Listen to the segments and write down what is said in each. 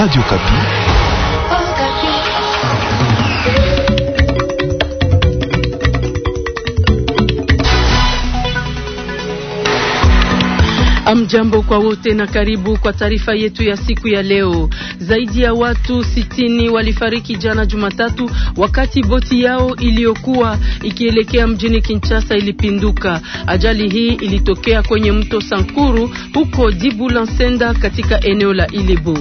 Radio Kapi. Amjambo kwa wote na karibu kwa taarifa yetu ya siku ya leo. Zaidi ya watu sitini walifariki jana Jumatatu wakati boti yao iliyokuwa ikielekea mjini Kinshasa ilipinduka. Ajali hii ilitokea kwenye mto Sankuru huko Dibu Lansenda katika eneo la Ilebo.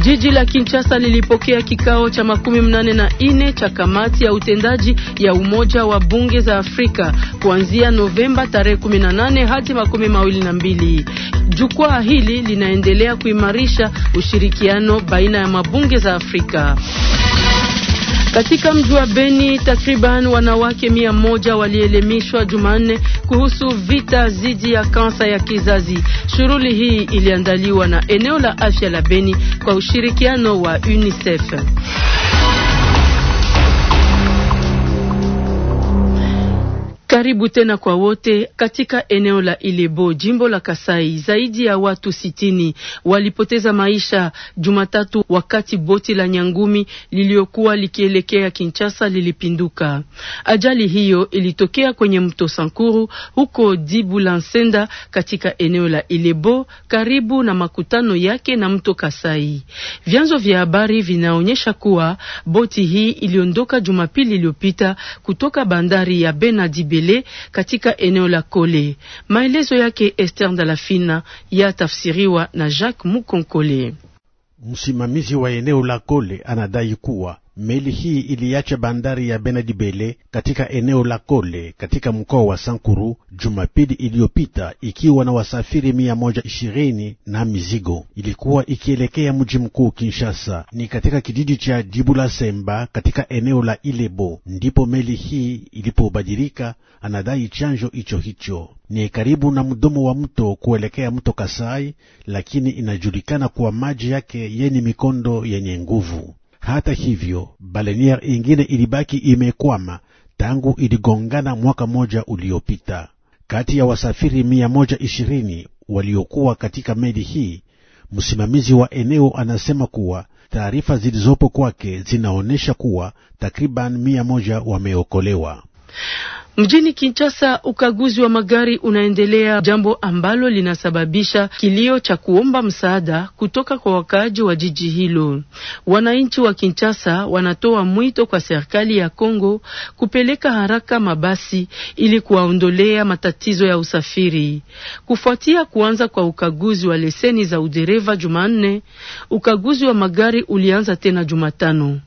Jiji la Kinshasa lilipokea kikao cha makumi mnane na ine cha kamati ya utendaji ya Umoja wa Bunge za Afrika kuanzia Novemba tarehe 18 hadi makumi mawili na mbili. Jukwaa hili linaendelea kuimarisha ushirikiano baina ya mabunge za Afrika. Katika mji wa Beni takriban wanawake mia moja walielimishwa Jumanne kuhusu vita dhidi ya kansa ya kizazi. Shughuli hii iliandaliwa na eneo la afya la Beni kwa ushirikiano wa UNICEF. Karibu tena kwa wote. Katika eneo la Ilebo, jimbo la Kasai, zaidi ya watu sitini walipoteza maisha Jumatatu wakati boti la Nyangumi liliokuwa likielekea Kinshasa lilipinduka. Ajali hiyo ilitokea kwenye mto Sankuru huko Dibu la Nsenda katika eneo la Ilebo karibu na makutano yake na mto Kasai. Vyanzo vya habari vinaonyesha kuwa boti hii iliondoka Jumapili iliyopita kutoka bandari ya Benadibe Kabele katika eneo la Kole. Maelezo yake Esther Ndalafina yatafsiriwa na Jacques Mukonkole. Msimamizi wa eneo la Kole anadai kuwa Meli hii iliacha bandari ya benadibele katika eneo la Kole katika mkoa wa Sankuru Jumapili iliyopita ikiwa na wasafiri mia moja ishirini na mizigo. Ilikuwa ikielekea mji mkuu Kinshasa. Ni katika kijiji cha Dibula Semba katika eneo la Ilebo ndipo meli hii ilipobadilika, anadai chanjo hicho hicho. Ni karibu na mdomo wa mto kuelekea mto Kasai, lakini inajulikana kuwa maji yake yenye mikondo yenye nguvu. Hata hivyo, balenier ingine ilibaki imekwama tangu iligongana mwaka moja uliopita. Kati ya wasafiri mia moja ishirini waliokuwa katika meli hii, msimamizi wa eneo anasema kuwa taarifa zilizopo kwake zinaonyesha kuwa takriban mia moja wameokolewa. Mjini Kinshasa ukaguzi wa magari unaendelea, jambo ambalo linasababisha kilio cha kuomba msaada kutoka kwa wakaaji wa jiji hilo. Wananchi wa Kinshasa wanatoa mwito kwa serikali ya Kongo kupeleka haraka mabasi ili kuwaondolea matatizo ya usafiri. Kufuatia kuanza kwa ukaguzi wa leseni za udereva Jumanne, ukaguzi wa magari ulianza tena Jumatano.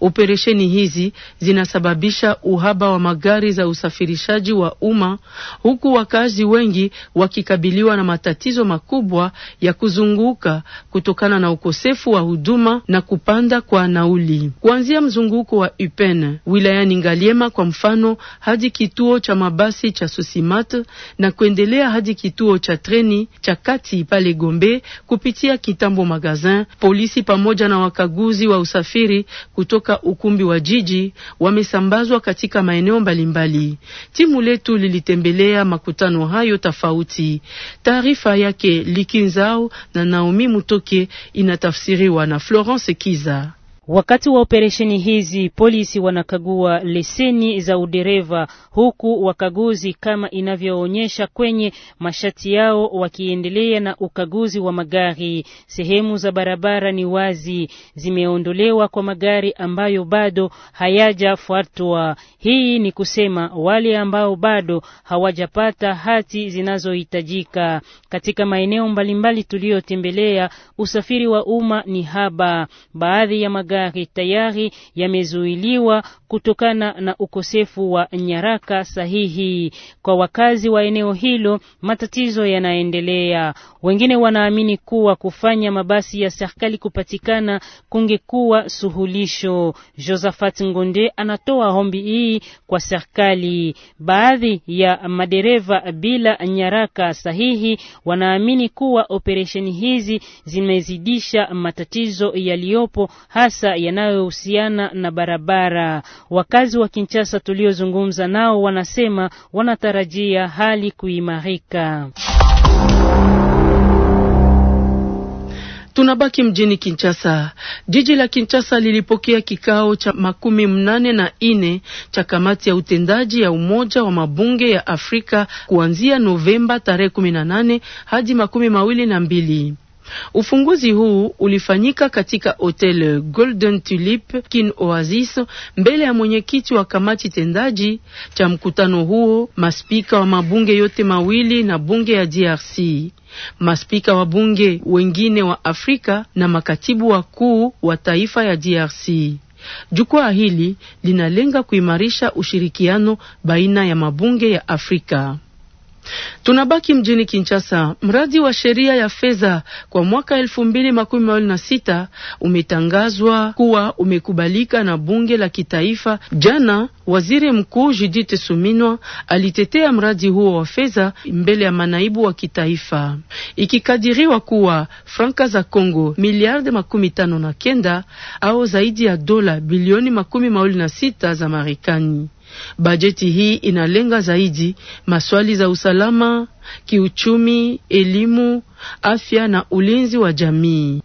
Operesheni hizi zinasababisha uhaba wa magari za usafirishaji wa umma huku wakazi wengi wakikabiliwa na matatizo makubwa ya kuzunguka kutokana na ukosefu wa huduma na kupanda kwa nauli. Kuanzia mzunguko wa Upen wilayani Ngaliema kwa mfano hadi kituo cha mabasi cha susimat na kuendelea hadi kituo cha treni cha kati pale Gombe kupitia Kitambo Magazin, polisi pamoja na wakaguzi wa usafiri kutoka ukumbi wa jiji wamesambazwa katika maeneo mbalimbali. Timu letu lilitembelea makutano hayo tofauti. Taarifa yake Likinzao na Naomi Mutoke inatafsiriwa na Florence Kiza. Wakati wa operesheni hizi polisi wanakagua leseni za udereva, huku wakaguzi kama inavyoonyesha kwenye mashati yao wakiendelea na ukaguzi wa magari. Sehemu za barabara ni wazi, zimeondolewa kwa magari ambayo bado hayajafuatwa. Hii ni kusema wale ambao bado hawajapata hati zinazohitajika. Katika maeneo mbalimbali tuliyotembelea, usafiri wa umma ni haba. Baadhi ya magari magari tayari yamezuiliwa kutokana na ukosefu wa nyaraka sahihi. Kwa wakazi wa eneo hilo, matatizo yanaendelea. Wengine wanaamini kuwa kufanya mabasi ya serikali kupatikana kungekuwa suluhisho. Josephat Ngonde anatoa ombi hii kwa serikali. Baadhi ya madereva bila nyaraka sahihi wanaamini kuwa operesheni hizi zimezidisha matatizo yaliyopo hasa makosa yanayohusiana na barabara. Wakazi wa Kinshasa tuliozungumza nao wanasema wanatarajia hali kuimarika. Tunabaki mjini Kinshasa. Jiji la Kinshasa lilipokea kikao cha makumi mnane na ine cha kamati ya utendaji ya Umoja wa Mabunge ya Afrika kuanzia Novemba tarehe kumi na nane hadi makumi mawili na mbili. Ufunguzi huu ulifanyika katika hotel Golden Tulip Kin Oasis mbele ya mwenyekiti wa kamati tendaji cha mkutano huo, maspika wa mabunge yote mawili na bunge ya DRC, maspika wa bunge wengine wa Afrika na makatibu wakuu wa taifa ya DRC. Jukwaa hili linalenga kuimarisha ushirikiano baina ya mabunge ya Afrika. Tunabaki mjini Kinshasa. Mradi wa sheria ya fedha kwa mwaka elfu mbili makumi mawili na sita umetangazwa kuwa umekubalika na bunge la kitaifa jana. Waziri Mkuu Judith Suminwa alitetea mradi huo wa fedha mbele ya manaibu wa kitaifa, ikikadiriwa kuwa franka za congo miliardi makumi tano na kenda au zaidi ya dola bilioni makumi mawili na sita za Marekani. Bajeti hii inalenga zaidi maswali za usalama, kiuchumi, elimu, afya na ulinzi wa jamii.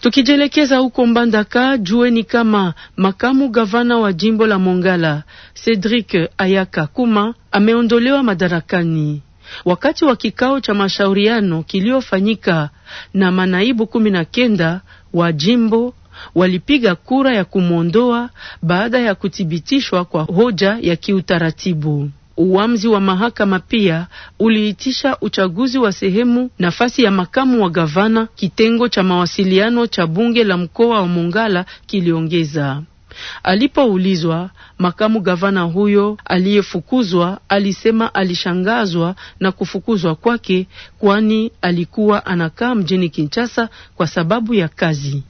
Tukijielekeza huko Mbandaka, jueni kama makamu gavana wa jimbo la Mongala Cedric Ayaka Kuma ameondolewa madarakani wakati wa kikao cha mashauriano kiliyofanyika na manaibu kumi na kenda wa jimbo walipiga kura ya kumwondoa baada ya kuthibitishwa kwa hoja ya kiutaratibu. Uamuzi wa mahakama pia uliitisha uchaguzi wa sehemu nafasi ya makamu wa gavana. Kitengo cha mawasiliano cha bunge la mkoa wa Mongala kiliongeza. Alipoulizwa, makamu gavana huyo aliyefukuzwa alisema alishangazwa na kufukuzwa kwake, kwani alikuwa anakaa mjini Kinshasa kwa sababu ya kazi.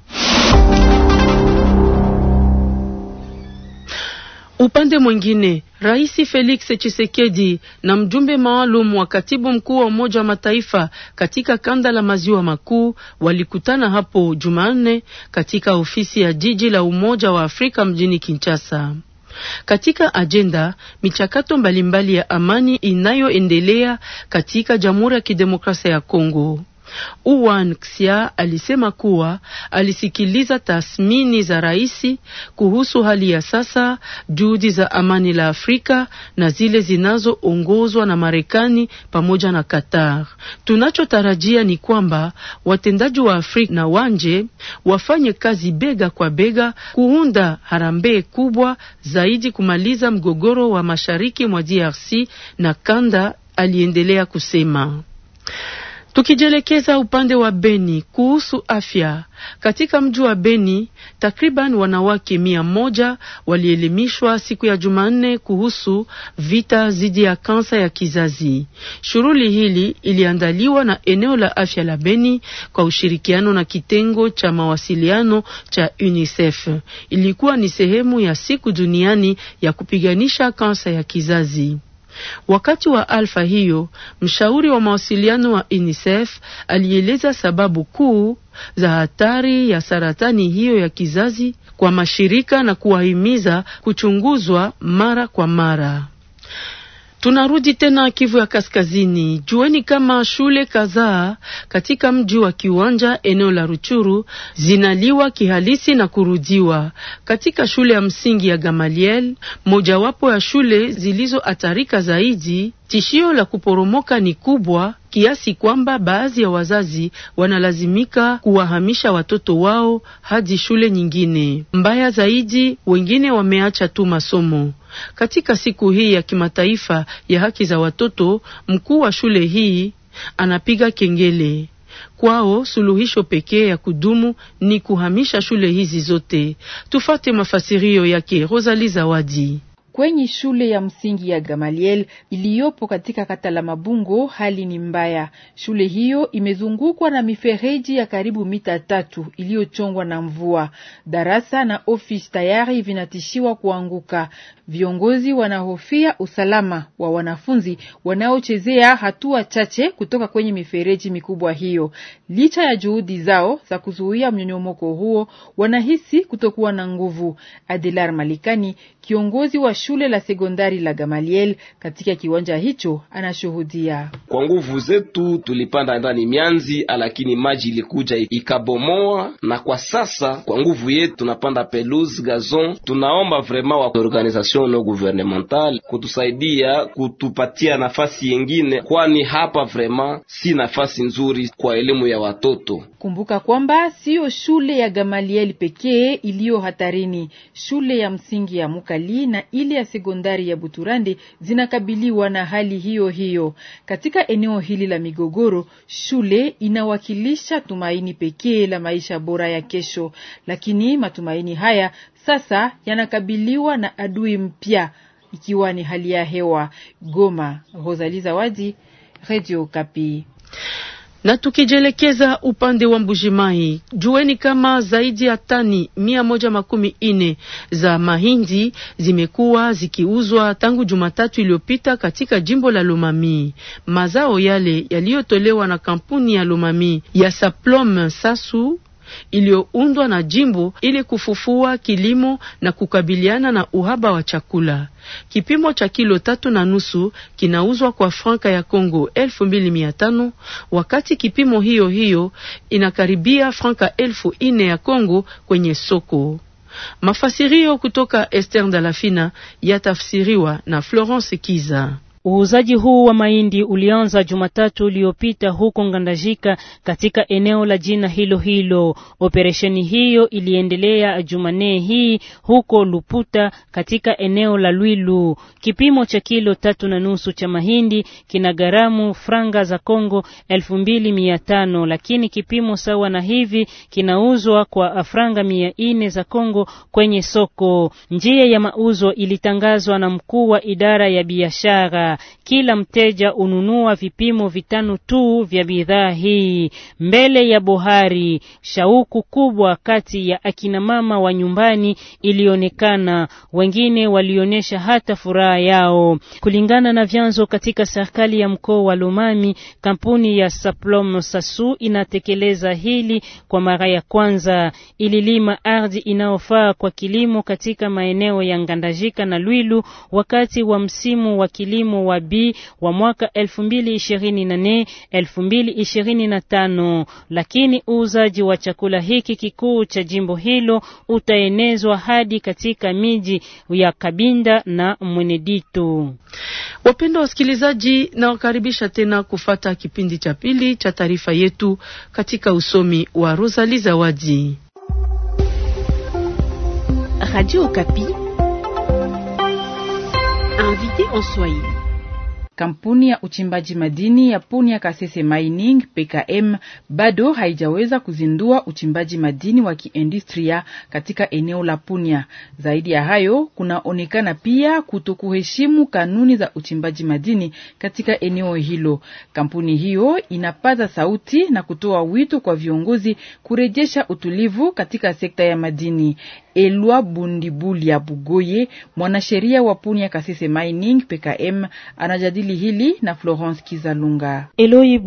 Upande mwingine, Rais Felix Tshisekedi na mjumbe maalum wa Katibu Mkuu wa Umoja wa Mataifa katika kanda la Maziwa Makuu walikutana hapo Jumanne katika ofisi ya jiji la Umoja wa Afrika mjini Kinshasa. Katika ajenda michakato mbalimbali ya amani inayoendelea katika Jamhuri ya Kidemokrasia ya Kongo. Uwan Xia alisema kuwa alisikiliza tathmini za rais kuhusu hali ya sasa, juhudi za amani la Afrika na zile zinazoongozwa na Marekani pamoja na Qatar. Tunachotarajia ni kwamba watendaji wa Afrika na wanje wafanye kazi bega kwa bega kuunda harambee kubwa zaidi kumaliza mgogoro wa mashariki mwa DRC na kanda, aliendelea kusema. Tukijielekeza upande wa Beni kuhusu afya, katika mji wa Beni takriban wanawake mia moja walielimishwa siku ya Jumanne kuhusu vita dhidi ya kansa ya kizazi. Shughuli hili iliandaliwa na eneo la afya la Beni kwa ushirikiano na kitengo cha mawasiliano cha UNICEF. Ilikuwa ni sehemu ya siku duniani ya kupiganisha kansa ya kizazi. Wakati wa alfa hiyo, mshauri wa mawasiliano wa UNICEF alieleza sababu kuu za hatari ya saratani hiyo ya kizazi kwa mashirika na kuwahimiza kuchunguzwa mara kwa mara. Tunarudi tena Kivu ya Kaskazini. Jueni kama shule kadhaa katika mji wa Kiwanja, eneo la Ruchuru, zinaliwa kihalisi na kurudiwa. Katika shule ya msingi ya Gamaliel, mojawapo ya shule zilizohatarika zaidi, tishio la kuporomoka ni kubwa kiasi kwamba baadhi ya wazazi wanalazimika kuwahamisha watoto wao hadi shule nyingine. Mbaya zaidi, wengine wameacha tu masomo. Katika siku hii ya kimataifa ya haki za watoto, mkuu wa shule hii anapiga kengele kwao suluhisho pekee ya kudumu ni kuhamisha shule hizi zote. Tufate mafasirio yake Rosalie Zawadi. Kwenye shule ya msingi ya Gamaliel iliyopo katika kata la Mabungo, hali ni mbaya. Shule hiyo imezungukwa na mifereji ya karibu mita tatu iliyochongwa na mvua. Darasa na ofisi tayari vinatishiwa kuanguka. Viongozi wanahofia usalama wa wanafunzi wanaochezea hatua chache kutoka kwenye mifereji mikubwa hiyo. Licha ya juhudi zao za kuzuia mnyonyomoko huo, wanahisi kutokuwa na nguvu. Adilar Malikani kiongozi wa shule la sekondari la Gamaliel katika kiwanja hicho anashuhudia. Kwa nguvu zetu tulipanda ndani mianzi, lakini maji ilikuja ikabomoa, na kwa sasa kwa nguvu yetu tunapanda peluse gazon. Tunaomba vraiment wa organisation no gouvernemental kutusaidia kutupatia nafasi yengine, kwani hapa vraiment si nafasi nzuri kwa elimu ya watoto. Kumbuka kwamba siyo shule ya Gamaliel pekee iliyo hatarini. Shule ya msingi ya Muka Kali na ile ya sekondari ya Buturande zinakabiliwa na hali hiyo hiyo. Katika eneo hili la migogoro, shule inawakilisha tumaini pekee la maisha bora ya kesho, lakini matumaini haya sasa yanakabiliwa na adui mpya, ikiwa ni hali ya hewa. Goma, Rosalie Zawadi, Radio Kapi. Na tukijielekeza upande wa Mbujimai, jueni kama zaidi ya tani mia moja makumi ine za mahindi zimekuwa zikiuzwa tangu Jumatatu iliyopita katika jimbo la Lomami. Mazao yale yaliyotolewa na kampuni ya Lomami ya Saplom Sasu iliyoundwa na jimbo ili kufufua kilimo na kukabiliana na uhaba wa chakula. Kipimo cha kilo tatu na nusu kinauzwa kwa franka ya Kongo elfu mbili mia tano wakati kipimo hiyo hiyo inakaribia franka elfu ya Kongo kwenye soko. Mafasirio kutoka Esther Dalafina yatafsiriwa na Florence Kiza. Uuzaji huu wa mahindi ulianza Jumatatu iliyopita huko Ngandajika katika eneo la jina hilo hilo. Operesheni hiyo iliendelea Jumanne hii huko Luputa katika eneo la Lwilu. Kipimo cha kilo tatu na nusu cha mahindi kina gharamu franga za Kongo 2500 lakini kipimo sawa na hivi kinauzwa kwa franga mia nne za Kongo kwenye soko. Njia ya mauzo ilitangazwa na mkuu wa idara ya biashara kila mteja ununua vipimo vitano tu vya bidhaa hii. Mbele ya bohari, shauku kubwa kati ya akina mama wa nyumbani ilionekana, wengine walionyesha hata furaha yao. Kulingana na vyanzo katika serikali ya mkoa wa Lomami, kampuni ya Saplom Sasu inatekeleza hili kwa mara ya kwanza. Ililima ardhi inayofaa kwa kilimo katika maeneo ya Ngandajika na Lwilu wakati wa msimu wa kilimo wa B wa mwaka 2024 2025, lakini uuzaji wa chakula hiki kikuu cha jimbo hilo utaenezwa hadi katika miji ya Kabinda na Mweneditu. Wapendwa wasikilizaji, nawakaribisha tena kufata kipindi cha pili cha taarifa yetu katika usomi wa Rosalie Zawadi. Radio Okapi, invité en Swahili. Kampuni ya uchimbaji madini ya Punia Kasese Mining PKM bado haijaweza kuzindua uchimbaji madini wa kiindustria katika eneo la Punia. Zaidi ya hayo, kunaonekana pia kutokuheshimu kanuni za uchimbaji madini katika eneo hilo. Kampuni hiyo inapaza sauti na kutoa wito kwa viongozi kurejesha utulivu katika sekta ya madini. Elwa Bundibuli ya Bugoye, mwanasheria wa ya Kasese Mining PKM, anajadili hili na Florence Kizalunga. Eloi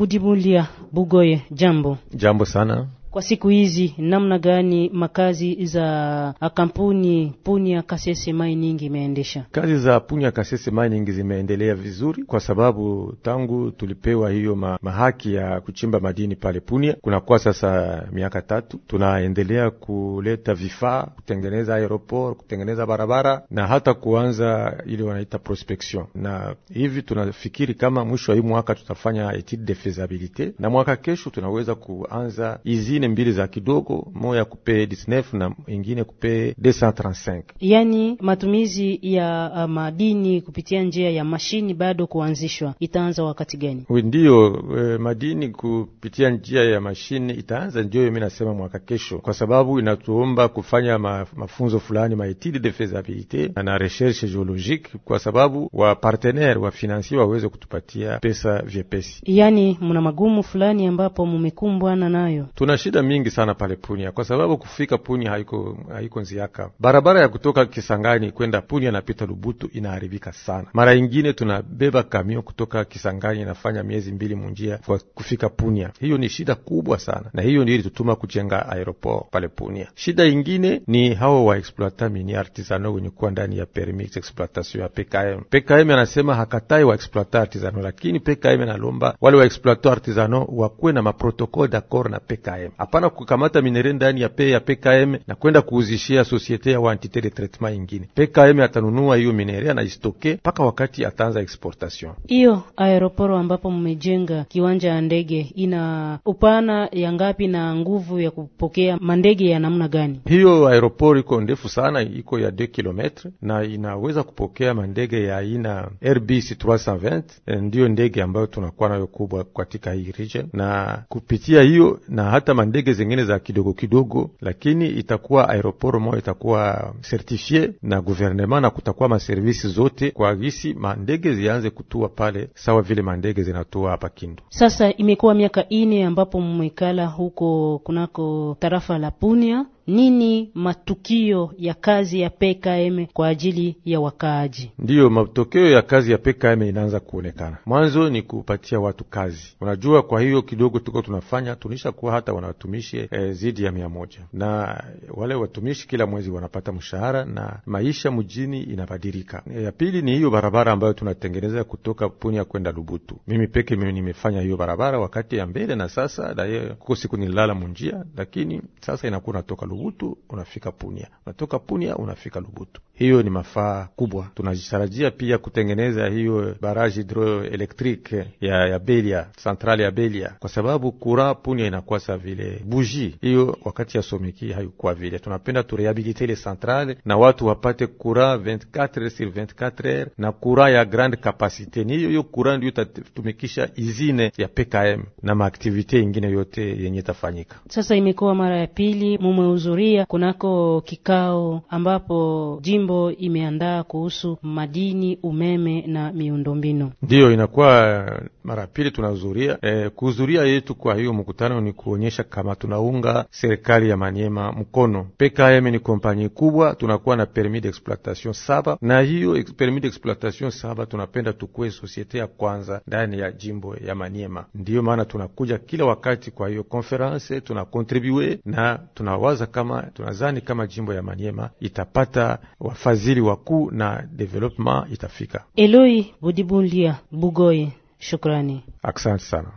ya Bugoye, jambo. Jambo sana kwa siku hizi namna gani makazi za kampuni Punya Kasese Mining imeendesha kazi za Punya Kasese Mining zimeendelea vizuri, kwa sababu tangu tulipewa hiyo ma, mahaki ya kuchimba madini pale Punya kunakuwa sasa miaka tatu, tunaendelea kuleta vifaa, kutengeneza aeroport, kutengeneza barabara na hata kuanza ile wanaita prospection, na hivi tunafikiri kama mwisho wa hii mwaka tutafanya etude de feasibilite na mwaka kesho tunaweza kuanza izi zingine mbili za kidogo, moya kupe 19 na ingine kupe 235. Yani matumizi ya uh, madini kupitia njia ya mashini bado kuanzishwa, itaanza wakati gani? Ndiyo, eh, madini kupitia njia ya mashini itaanza, ndio mimi nasema mwaka kesho, kwa sababu inatuomba kufanya ma, mafunzo fulani maetide de feasibilite na recherche geologique, kwa sababu wa partenaire wa finansier waweze kutupatia pesa vyepesi. Yani mna magumu fulani ambapo mumekumbwana nayo Tuna shida mingi sana pale Punia, kwa sababu kufika Punia haiko, haiko nziaka. Barabara ya kutoka Kisangani kwenda Punia napita Lubutu inaharibika sana. Mara ingine tunabeba kamio kutoka Kisangani inafanya miezi mbili munjia kwa kufika Punia. Hiyo ni shida kubwa sana, na hiyo ndio ilitutuma kujenga aeroport pale Punia. Shida ingine ni hao wa exploita mini artisano wenye kuwa ndani ya permis exploitation ya PKM. PKM anasema hakatai wa exploita artisano, lakini PKM analomba wale wa exploita artisano wakuwe na maprotokol d'accord na PKM hapana kukamata minere ndani ya pe ya PKM na kwenda kuuzishia societe ya wantite de traitement ingine. PKM atanunua hiyo minere anaistoke mpaka wakati ataanza exportation. Hiyo aeroporo ambapo mmejenga kiwanja ya ndege ina upana ya ngapi na nguvu ya kupokea mandege ya namna gani? Hiyo aeroporo iko ndefu sana, iko ya 2 km na inaweza kupokea mandege ya aina Airbus 320 eh, ndiyo ndege ambayo tunakuwa nayo kubwa katika hii region, na kupitia hiyo na hata ndege zengine za kidogo kidogo, lakini itakuwa aeroport moja itakuwa certifie na guvernema na kutakuwa maservisi zote kwa gisi mandege zianze kutua pale, sawa vile mandege zinatua hapa Kindu. Sasa imekuwa miaka ine ambapo mmekala huko kunako tarafa la Punia nini matukio ya kazi ya PKM kwa ajili ya wakaaji? Ndiyo, matokeo ya kazi ya PKM inaanza kuonekana. Mwanzo ni kupatia watu kazi, unajua. Kwa hiyo kidogo tuko tunafanya tunisha kuwa hata wanawatumishi e, eh, zidi ya mia moja na wale watumishi kila mwezi wanapata mshahara na maisha mjini inabadilika. Eh, ya pili ni hiyo barabara ambayo tunatengeneza kutoka Punia kwenda Lubutu. Mimi peke mimi nimefanya hiyo barabara wakati ya mbele na sasa, na kuko siku nilala munjia, lakini sasa inakuwa natoka Lubutu Lubutu unafika Punia, unatoka Punia unafika Lubutu hiyo ni mafaa kubwa. Tunajitarajia pia kutengeneza hiyo baraji hidroelektrike ya, ya Belia, santrali ya Belia, kwa sababu kura punya inakuwa sa vile buji hiyo wakati ya somiki haikuwa vile. Tunapenda turehabilite ile santrale na watu wapate kura 24 sur 24 na kura ya grande kapasite. Ni hiyo hiyo kura ndio itatumikisha izine ya PKM na maaktivite ingine yote yenye tafanyika. Sasa imekuwa mara ya pili mumehudhuria kunako kikao ambapo jimbo Butembo imeandaa kuhusu madini, umeme na miundombinu. Ndiyo inakuwa eh, mara pili tunahudhuria. E, kuhudhuria yetu kwa hiyo mkutano ni kuonyesha kama tunaunga serikali ya Manyema mkono. PKM ni kompanyi kubwa, tunakuwa na permis d'exploitation saba, na hiyo permis d'exploitation saba tunapenda tukuwe sosiete ya kwanza ndani ya jimbo ya Manyema. Ndiyo maana tunakuja kila wakati kwa hiyo konferanse, tunakontribue na tunawaza kama tunazani kama jimbo ya Manyema itapata wa wafadhili wakuu na development itafika. Eloi Budibundia Bugoye, shukrani, asante sana.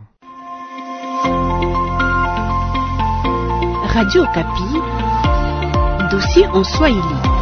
Radio Kapi, dossier en Swahili.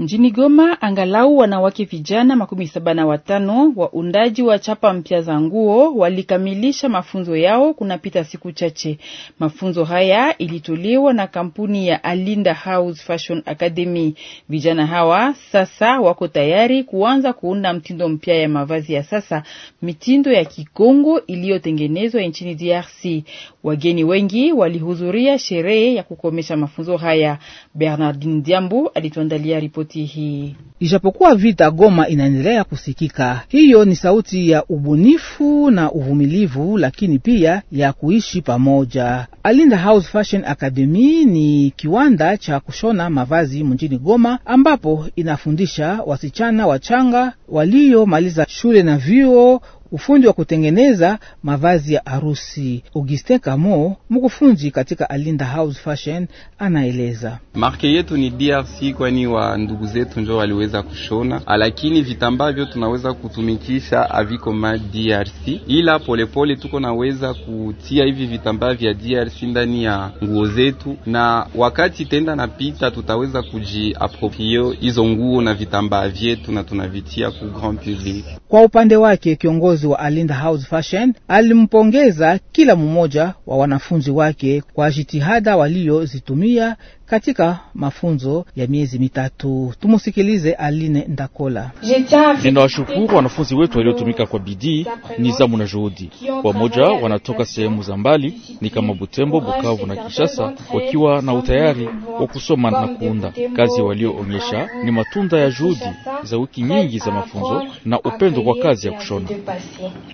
Mjini Goma angalau wanawake vijana makumi saba na watano wa undaji wa chapa mpya za nguo walikamilisha mafunzo yao kunapita siku chache. Mafunzo haya ilitolewa na kampuni ya Alinda House Fashion Academy. Vijana hawa sasa wako tayari kuanza kuunda mtindo mpya ya mavazi ya sasa, mitindo ya Kikongo iliyotengenezwa nchini DRC. Wageni wengi walihudhuria sherehe ya kukomesha mafunzo haya. Bernardin Diambu alituandalia ripoti sauti hii. Ijapokuwa vita Goma inaendelea kusikika, hiyo ni sauti ya ubunifu na uvumilivu, lakini pia ya kuishi pamoja. Alinda House Fashion Academy ni kiwanda cha kushona mavazi mjini Goma, ambapo inafundisha wasichana wachanga waliomaliza shule na vyuo ufundi wa kutengeneza mavazi ya harusi. Augustin Camo, mkufunzi katika Alinda House Fashion, anaeleza marke yetu ni DRC, kwani wa ndugu zetu njo waliweza kushona, lakini vitambaa vyo tunaweza kutumikisha aviko ma DRC, ila polepole pole tuko naweza kutia hivi vitambaa vya DRC ndani ya nguo zetu, na wakati tenda na pita tutaweza kujiaproprie hizo nguo na vitambaa vyetu na tunavitia ku grand public. Kwa upande wake kiongozi kiongozi wa Alinda House Fashion alimpongeza kila mmoja wa wanafunzi wake kwa jitihada waliozitumia katika mafunzo ya miezi mitatu. Tumusikilize Aline Ndakola. Ninawashukuru wanafunzi wetu waliotumika kwa bidii, nizamu na juhudi. Wamoja wanatoka sehemu za mbali ni kama Butembo, Bukavu na Kinshasa, wakiwa na utayari wa kusoma na kuunda. Kazi walioonyesha ni matunda ya juhudi za wiki nyingi za mafunzo na upendo kwa kazi ya kushona.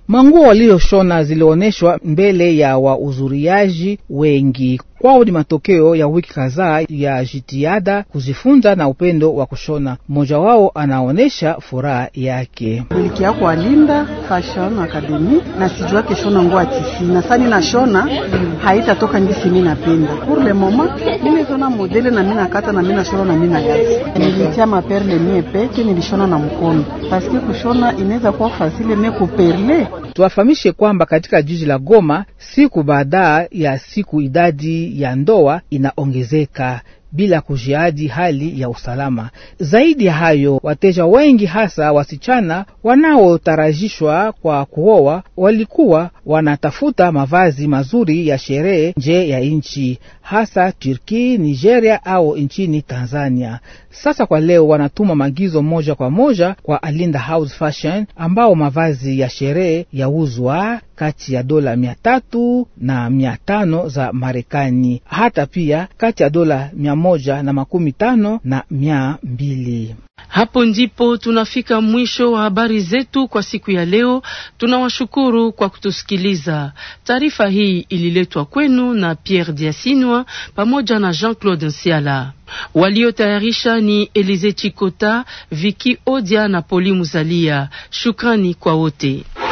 Manguo walioshona zilionyeshwa mbele ya wauzuriaji wengi. Kwao ni matokeo ya wiki kadhaa ya jitihada, kujifunza na upendo wa kushona. Mmoja wao anaonyesha furaha yake. Nilikia kwa Linda Fashion Academy na sijua keshona nguo atisi na sani na shona haitatoka ngisi mimi napenda. Pour le moment mimi nashona modele na mimi nakata na mimi nashona na mimi na nagazi. Nilitia maperle mie peke nilishona na mkono. Paske kushona inaweza kuwa fasile mie kuperle Tuwafahamishe kwamba katika jiji la Goma siku baada ya siku idadi ya ndoa inaongezeka bila kujiadi hali ya usalama. Zaidi ya hayo, wateja wengi hasa wasichana wanaotarajishwa kwa kuoa walikuwa wanatafuta mavazi mazuri ya sherehe nje ya nchi, hasa Turki, Nigeria au nchini Tanzania. Sasa kwa leo wanatuma maagizo moja kwa moja kwa Alinda House Fashion ambao mavazi ya sherehe yauzwa kati ya dola mia tatu na mia tano za Marekani, hata pia kati ya dola mia moja na makumi tano na mia mbili. Hapo ndipo tunafika mwisho wa habari zetu kwa siku ya leo. Tunawashukuru kwa kutusikiliza. Taarifa hii ililetwa kwenu na Pierre Diasinwa pamoja na Jean-Claude Nsiala. Waliotayarisha ni Elize Chikota, Viki Odia na Poli Muzalia. Shukrani kwa wote.